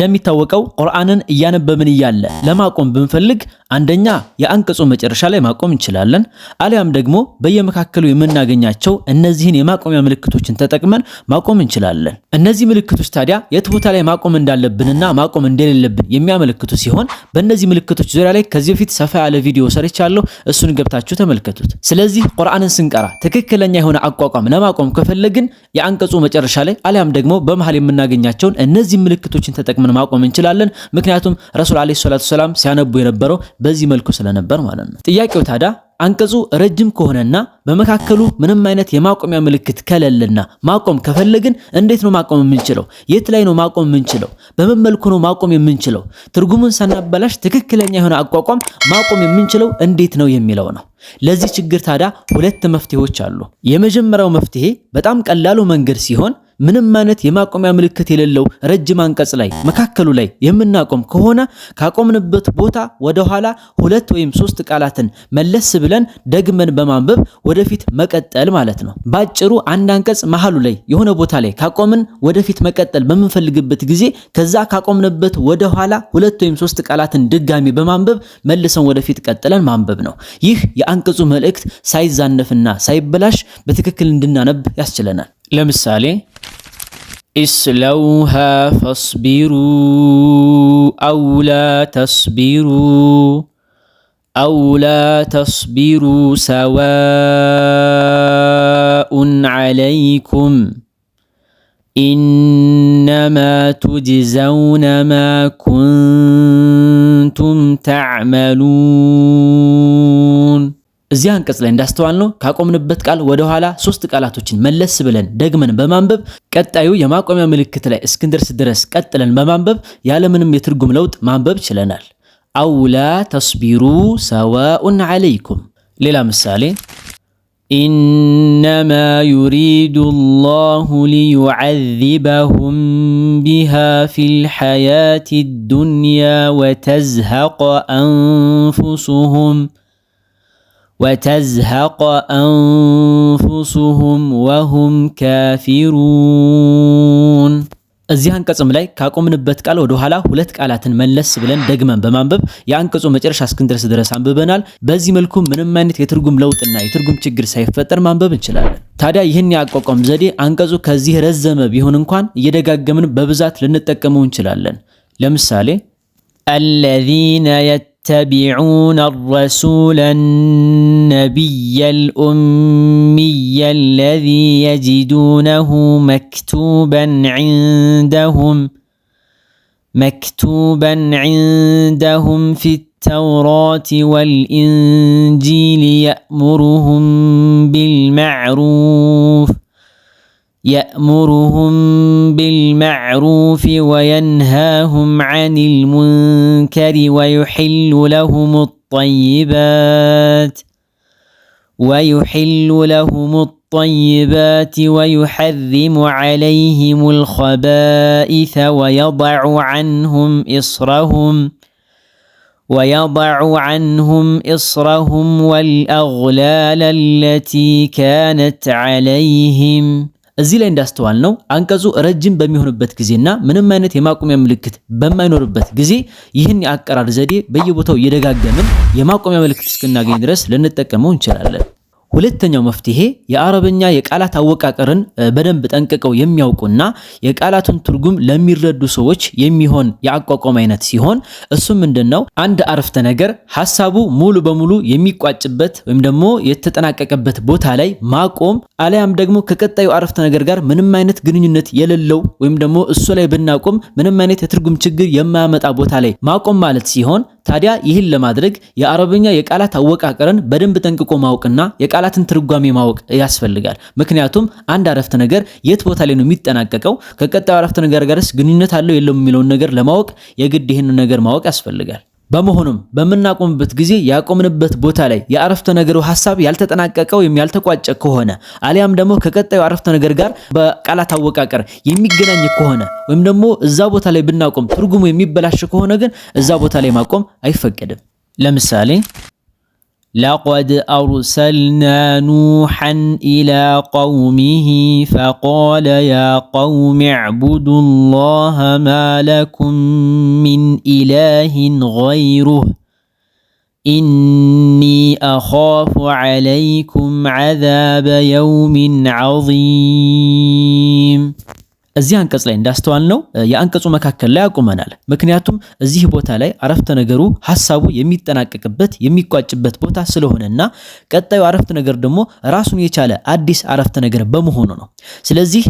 እንደሚታወቀው ቁርአንን እያነበብን እያለ ለማቆም ብንፈልግ አንደኛ የአንቀጹ መጨረሻ ላይ ማቆም እንችላለን። አሊያም ደግሞ በየመካከሉ የምናገኛቸው እነዚህን የማቆሚያ ምልክቶችን ተጠቅመን ማቆም እንችላለን። እነዚህ ምልክቶች ታዲያ የት ቦታ ላይ ማቆም እንዳለብንና ማቆም እንደሌለብን የሚያመለክቱ ሲሆን በእነዚህ ምልክቶች ዙሪያ ላይ ከዚህ በፊት ሰፋ ያለ ቪዲዮ ሰርቻለሁ። እሱን ገብታችሁ ተመልከቱት። ስለዚህ ቁርአንን ስንቀራ ትክክለኛ የሆነ አቋቋም ለማቆም ከፈለግን የአንቀጹ መጨረሻ ላይ አሊያም ደግሞ በመሃል የምናገኛቸውን እነዚህ ምልክቶችን ተጠቅመን መነበብን ማቆም እንችላለን። ምክንያቱም ረሱል ዓለይሂ ሰላቱ ሰላም ሲያነቡ የነበረው በዚህ መልኩ ስለነበር ማለት ነው። ጥያቄው ታዲያ አንቀጹ ረጅም ከሆነና በመካከሉ ምንም አይነት የማቆሚያ ምልክት ከሌለና ማቆም ከፈለግን እንዴት ነው ማቆም የምንችለው? የት ላይ ነው ማቆም የምንችለው? በምን መልኩ ነው ማቆም የምንችለው? ትርጉሙን ሳናበላሽ ትክክለኛ የሆነ አቋቋም ማቆም የምንችለው እንዴት ነው የሚለው ነው። ለዚህ ችግር ታዲያ ሁለት መፍትሄዎች አሉ። የመጀመሪያው መፍትሄ በጣም ቀላሉ መንገድ ሲሆን ምንም አይነት የማቆሚያ ምልክት የሌለው ረጅም አንቀጽ ላይ መካከሉ ላይ የምናቆም ከሆነ ካቆምንበት ቦታ ወደ ኋላ ሁለት ወይም ሶስት ቃላትን መለስ ብለን ደግመን በማንበብ ወደፊት መቀጠል ማለት ነው። ባጭሩ አንድ አንቀጽ መሃሉ ላይ የሆነ ቦታ ላይ ካቆምን ወደፊት መቀጠል በምንፈልግበት ጊዜ ከዛ ካቆምንበት ወደ ኋላ ሁለት ወይም ሶስት ቃላትን ድጋሚ በማንበብ መልሰን ወደፊት ቀጥለን ማንበብ ነው። ይህ የአንቀጹ መልእክት ሳይዛነፍና ሳይበላሽ በትክክል እንድናነብ ያስችለናል። ለምሳሌ اصلوها فاصبروا او لا تصبروا او لا تصبروا سواء عليكم انما تجزون ما كنتم تعملون እዚህ አንቀጽ ላይ እንዳስተዋልነው ካቆምንበት ቃል ወደ ኋላ ሶስት ቃላቶችን መለስ ብለን ደግመን በማንበብ ቀጣዩ የማቆሚያ ምልክት ላይ እስክንደርስ ድረስ ቀጥለን በማንበብ ያለምንም የትርጉም ለውጥ ማንበብ ችለናል። አውላ ተስቢሩ ሰዋኡን ዓለይኩም። ሌላ ምሳሌ ኢነማ ዩሪዱ ላሁ ሊዩዓዚበሁም ቢሃ ፊል ሐያቲ ዱንያ ወተዝሀቀ አንፉሱሁም وتزهق أنفسهم ወሁም كافرون እዚህ አንቀጽም ላይ ካቆምንበት ቃል ወደ ኋላ ሁለት ቃላትን መለስ ብለን ደግመን በማንበብ የአንቀጹ መጨረሻ እስክንደርስ ድረስ አንብበናል። በዚህ መልኩ ምንም አይነት የትርጉም ለውጥና የትርጉም ችግር ሳይፈጠር ማንበብ እንችላለን። ታዲያ ይህን ያቋቋም ዘዴ አንቀጹ ከዚህ ረዘመ ቢሆን እንኳን እየደጋገምን በብዛት ልንጠቀመው እንችላለን። ለምሳሌ አለዚነ يتبعون الرسول النبي الامي الذي يجدونه مكتوبا عندهم مكتوبا عندهم في التوراه والانجيل يامرهم بالمعروف يامرهم بالمعروف وينهاهم عن المنكر ويحل لهم الطيبات ويحل لهم الطيبات ويحرم عليهم الخبائث ويضع عنهم إصرهم ويضع عنهم إصرهم والأغلال التي كانت عليهم ۖ እዚህ ላይ እንዳስተዋል ነው አንቀጹ ረጅም በሚሆንበት ጊዜና ምንም አይነት የማቆሚያ ምልክት በማይኖርበት ጊዜ ይህን የአቀራር ዘዴ በየቦታው እየደጋገምን የማቆሚያ ምልክት እስክናገኝ ድረስ ልንጠቀመው እንችላለን። ሁለተኛው መፍትሄ የአረብኛ የቃላት አወቃቀርን በደንብ ጠንቅቀው የሚያውቁና የቃላቱን ትርጉም ለሚረዱ ሰዎች የሚሆን የአቋቋም አይነት ሲሆን እሱም ምንድነው? አንድ አረፍተ ነገር ሀሳቡ ሙሉ በሙሉ የሚቋጭበት ወይም ደግሞ የተጠናቀቀበት ቦታ ላይ ማቆም አሊያም ደግሞ ከቀጣዩ አረፍተ ነገር ጋር ምንም አይነት ግንኙነት የሌለው ወይም ደግሞ እሱ ላይ ብናቆም ምንም አይነት የትርጉም ችግር የማያመጣ ቦታ ላይ ማቆም ማለት ሲሆን ታዲያ ይህን ለማድረግ የአረብኛ የቃላት አወቃቀርን በደንብ ጠንቅቆ ማወቅና የቃላትን ትርጓሜ ማወቅ ያስፈልጋል። ምክንያቱም አንድ አረፍተ ነገር የት ቦታ ላይ ነው የሚጠናቀቀው፣ ከቀጣዩ አረፍተ ነገር ጋርስ ግንኙነት አለው የለም የሚለውን ነገር ለማወቅ የግድ ይህንን ነገር ማወቅ ያስፈልጋል። በመሆኑም በምናቆምበት ጊዜ ያቆምንበት ቦታ ላይ የአረፍተ ነገሩ ሐሳብ ያልተጠናቀቀ ወይም ያልተቋጨ ከሆነ አሊያም ደግሞ ከቀጣዩ አረፍተ ነገር ጋር በቃላት አወቃቀር የሚገናኝ ከሆነ ወይም ደግሞ እዛ ቦታ ላይ ብናቆም ትርጉሙ የሚበላሽ ከሆነ ግን እዛ ቦታ ላይ ማቆም አይፈቀድም። ለምሳሌ لقد ارسلنا نوحا الى قومه فقال يا قوم اعبدوا الله ما لكم من اله غيره اني اخاف عليكم عذاب يوم عظيم እዚህ አንቀጽ ላይ እንዳስተዋል ነው የአንቀጹ መካከል ላይ አቁመናል። ምክንያቱም እዚህ ቦታ ላይ አረፍተ ነገሩ ሀሳቡ የሚጠናቀቅበት የሚቋጭበት ቦታ ስለሆነና ቀጣዩ አረፍተ ነገር ደግሞ ራሱን የቻለ አዲስ አረፍተ ነገር በመሆኑ ነው። ስለዚህ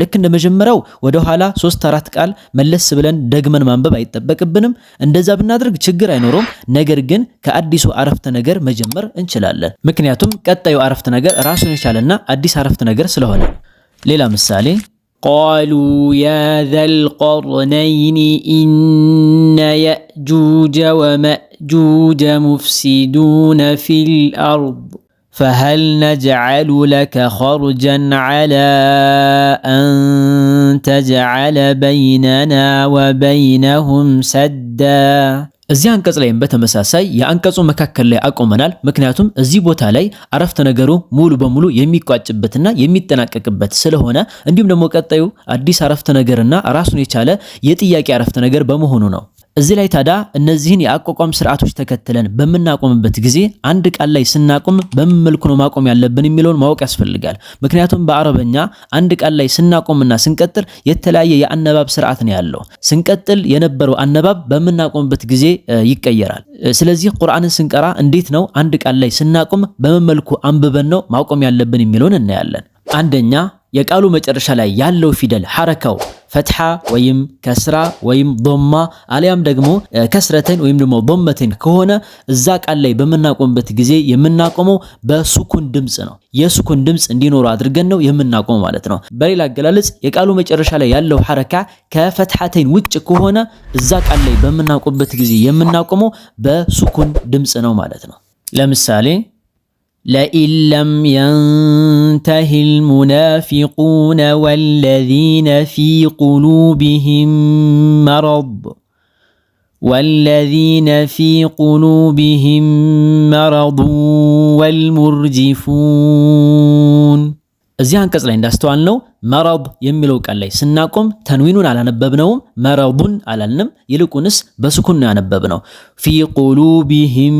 ልክ እንደመጀመሪያው ወደኋላ ሶስት አራት ቃል መለስ ብለን ደግመን ማንበብ አይጠበቅብንም። እንደዛ ብናደርግ ችግር አይኖረውም። ነገር ግን ከአዲሱ አረፍተ ነገር መጀመር እንችላለን። ምክንያቱም ቀጣዩ አረፍተ ነገር ራሱን የቻለና አዲስ አረፍተ ነገር ስለሆነ ሌላ ምሳሌ قالوا يا ذا القرنين إن يأجوج ومأجوج مفسدون في الأرض فهل نجعل لك خرجا على أن تجعل بيننا وبينهم سدًّا እዚህ አንቀጽ ላይም በተመሳሳይ የአንቀጹ መካከል ላይ አቆመናል። ምክንያቱም እዚህ ቦታ ላይ አረፍተ ነገሩ ሙሉ በሙሉ የሚቋጭበትና የሚጠናቀቅበት ስለሆነ እንዲሁም ደግሞ ቀጣዩ አዲስ አረፍተ ነገርና ራሱን የቻለ የጥያቄ አረፍተ ነገር በመሆኑ ነው። እዚህ ላይ ታዲያ እነዚህን የአቋቋም ስርዓቶች ተከትለን በምናቆምበት ጊዜ አንድ ቃል ላይ ስናቆም በምን መልኩ ነው ማቆም ያለብን የሚለውን ማወቅ ያስፈልጋል። ምክንያቱም በአረበኛ አንድ ቃል ላይ ስናቆምና ስንቀጥል የተለያየ የአነባብ ስርዓት ነው ያለው። ስንቀጥል የነበረው አነባብ በምናቆምበት ጊዜ ይቀየራል። ስለዚህ ቁርአንን ስንቀራ እንዴት ነው አንድ ቃል ላይ ስናቆም በምን መልኩ አንብበን ነው ማቆም ያለብን የሚለውን እናያለን። አንደኛ የቃሉ መጨረሻ ላይ ያለው ፊደል ሐረካው ፈትሓ ወይም ከስራ ወይም ዶማ አሊያም ደግሞ ከስረተን ወይም ደግሞ ዶመትን ከሆነ እዛ ቃል ላይ በምናቆምበት ጊዜ የምናቆመው በሱኩን ድምፅ ነው። የሱኩን ድምፅ እንዲኖሩ አድርገን ነው የምናቆመው ማለት ነው። በሌላ አገላለጽ የቃሉ መጨረሻ ላይ ያለው ሐረካ ከፈትሓተን ውጭ ከሆነ እዛ ቃል ላይ በምናቆምበት ጊዜ የምናቆመው በሱኩን ድምፅ ነው ማለት ነው። ለምሳሌ لئن لم ينته المنافقون والذين في قلوبهم مرض والذين في قلوبهم مرض والمرجفون እዚህ አንቀጽ ላይ እንዳስተዋል ነው መረድ የሚለው ቃል ላይ ስናቆም ተንዊኑን አላነበብነውም፣ መረዱን አላልንም። ይልቁንስ በስኩን ነው ያነበብነው ፊ ቁሉቢሂም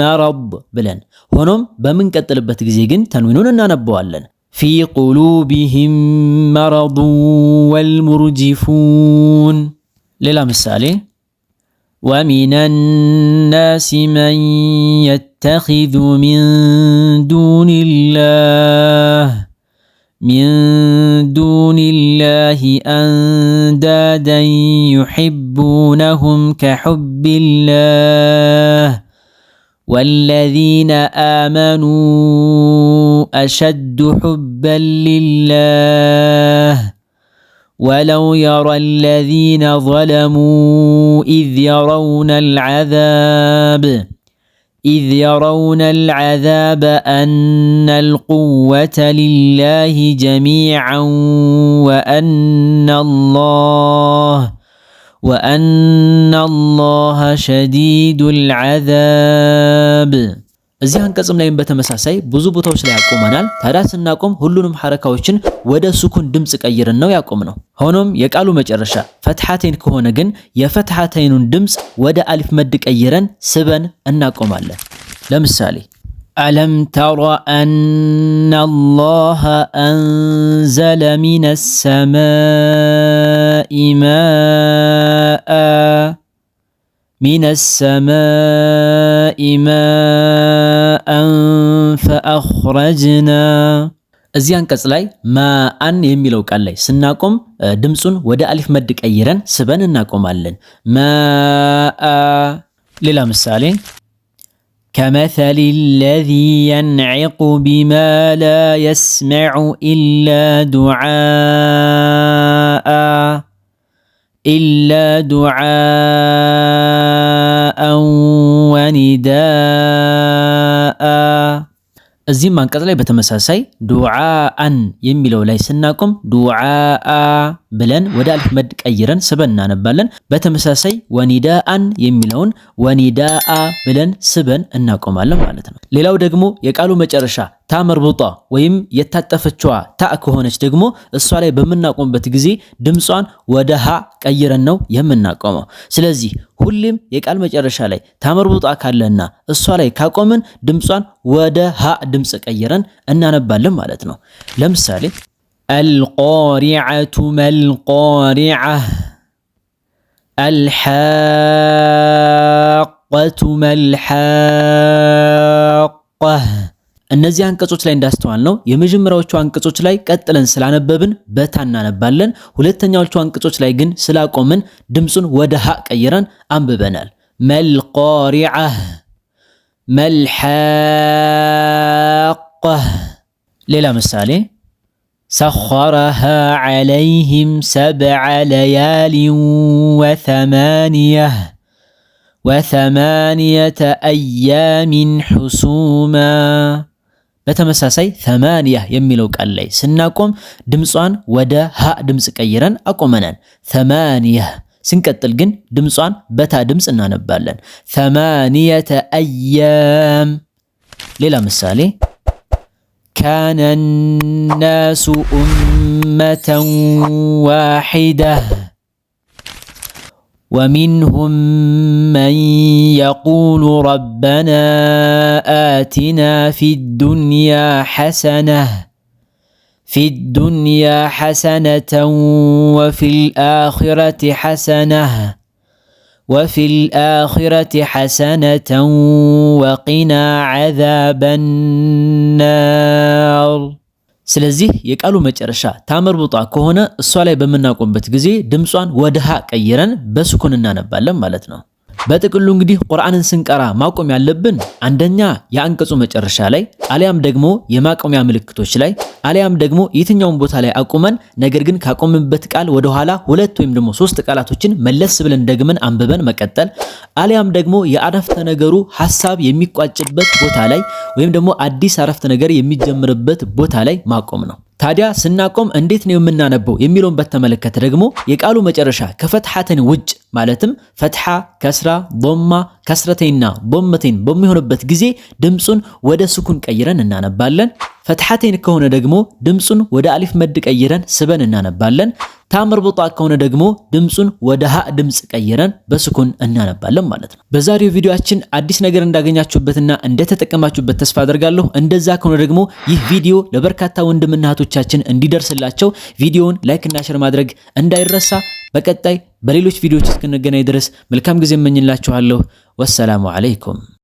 መረድ ብለን። ሆኖም በምንቀጥልበት ጊዜ ግን ተንዊኑን እናነበዋለን። ፊ ቁሉቢሂም መረዱ ወልሙርጂፉን። ሌላ ምሳሌ ومن الناس من يتخذ من دون الله من دون الله اندادا يحبونهم كحب الله والذين امنوا اشد حبا لله ولو يرى الذين ظلموا اذ يرون العذاب اذ يرون العذاب ان القوه لله جميعا وان الله وان الله شديد العذاب እዚህ አንቀጽም ላይም በተመሳሳይ ብዙ ቦታዎች ላይ ያቆመናል። ታዲያ ስናቆም ሁሉንም ሐረካዎችን ወደ ሱኩን ድምፅ ቀይርን ነው ያቆም ነው። ሆኖም የቃሉ መጨረሻ ፈትሐተይን ከሆነ ግን የፈትሐተይኑን ድምፅ ወደ አሊፍ መድ ቀይረን ስበን እናቆማለን። ለምሳሌ አለም ተረ አና አላህ አንዘለ ሚነ ሰማኢ ማአ من السماء ماء فأخرجنا እዚህ አንቀጽ ላይ ማአን የሚለው ቃል ላይ ስናቆም ድምፁን ወደ አሊፍ መድ ቀይረን ስበን እናቆማለን። ማአ። ሌላ ምሳሌ ከመሰሊ ለዚ የንዕቁ ቢማ ላ የስመዑ ኢላ ዱዓ إلا ዱዓአን ወኒዳአ እዚህም አንቀጽ ላይ በተመሳሳይ ዱዓአን የሚለው ላይ ስናቆም ዱዓአ ብለን ወደ አልፍ መድ ቀይረን ስበን እናነባለን። በተመሳሳይ ወኒዳአን የሚለውን ወኒዳአ ብለን ስበን እናቆማለን ማለት ነው። ሌላው ደግሞ የቃሉ መጨረሻ ታ መርቡጣ ወይም የታጠፈችዋ ታ ከሆነች ደግሞ እሷ ላይ በምናቆምበት ጊዜ ድምጿን ወደ ሀ ቀይረን ነው የምናቆመው። ስለዚህ ሁሌም የቃል መጨረሻ ላይ ታ መርቡጣ ካለና እሷ ላይ ካቆምን ድምጿን ወደ ሀ ድምፅ ቀይረን እናነባለን ማለት ነው። ለምሳሌ አልቆሪዐቱ መልቆሪዐ፣ አልሓቀቱ መልሓቀህ እነዚህ አንቀጾች ላይ እንዳስተዋል ነው የመጀመሪያዎቹ አንቀጾች ላይ ቀጥለን ስላነበብን በታ እናነባለን። ሁለተኛዎቹ አንቀጾች ላይ ግን ስላቆምን ድምፁን ወደ ሀ ቀይረን አንብበናል። መልቆሪዐህ፣ መልሓቆህ። ሌላ ምሳሌ ሰኸረሃ ዐለይህም ሰብዐ ለያሊን ወተማንየህ وثمانية أيام حسوما በተመሳሳይ ተማንያ የሚለው ቃል ላይ ስናቆም ድምጿን ወደ ሀ ድምፅ ቀይረን አቆመናል። ተማንያ ስንቀጥል ግን ድምጿን በታ ድምፅ እናነባለን። ተማንየተ አያም። ሌላ ምሳሌ ካነ ናሱ ኡመተን ዋሂዳ ومنهم من يقول ربنا آتنا في الدنيا حسنة في الدنيا حسنة وفي الآخرة حسنة وفي الآخرة حسنة وقنا عذاب النار ስለዚህ የቃሉ መጨረሻ ታመርቡጣ ከሆነ እሷ ላይ በምናቆምበት ጊዜ ድምጿን ወደ ሀ ቀይረን በስኩን እናነባለን ማለት ነው። በጥቅሉ እንግዲህ ቁርአንን ስንቀራ ማቆም ያለብን አንደኛ የአንቀጹ መጨረሻ ላይ አሊያም ደግሞ የማቆሚያ ምልክቶች ላይ አሊያም ደግሞ የትኛውን ቦታ ላይ አቁመን፣ ነገር ግን ካቆምንበት ቃል ወደ ኋላ ሁለት ወይም ደግሞ ሶስት ቃላቶችን መለስ ብለን ደግመን አንብበን መቀጠል አሊያም ደግሞ የአረፍተ ነገሩ ሀሳብ የሚቋጭበት ቦታ ላይ ወይም ደግሞ አዲስ አረፍተ ነገር የሚጀምርበት ቦታ ላይ ማቆም ነው። ታዲያ ስናቆም እንዴት ነው የምናነበው የሚለውን በተመለከተ ደግሞ የቃሉ መጨረሻ ከፈትሐተን ውጭ ማለትም ፈትሐ፣ ከስራ፣ ቦማ፣ ከስረተይና ቦመቴን በሚሆንበት ጊዜ ድምፁን ወደ ስኩን ቀይረን እናነባለን። ፈትሐቴን ከሆነ ደግሞ ድምፁን ወደ አሊፍ መድ ቀይረን ስበን እናነባለን። ታምርብጧ ከሆነ ደግሞ ድምፁን ወደ ሀ ድምፅ ቀይረን በስኩን እናነባለን ማለት ነው። በዛሬው ቪዲዮአችን አዲስ ነገር እንዳገኛችሁበትና እንደተጠቀማችሁበት ተስፋ አደርጋለሁ። እንደዛ ከሆነ ደግሞ ይህ ቪዲዮ ለበርካታ ወንድምና እህቶቻችን እንዲደርስላቸው ቪዲዮውን ላይክና ሸር ማድረግ እንዳይረሳ። በቀጣይ በሌሎች ቪዲዮዎች እስክንገናኝ ድረስ መልካም ጊዜ እመኝላችኋለሁ። ወሰላሙ አለይኩም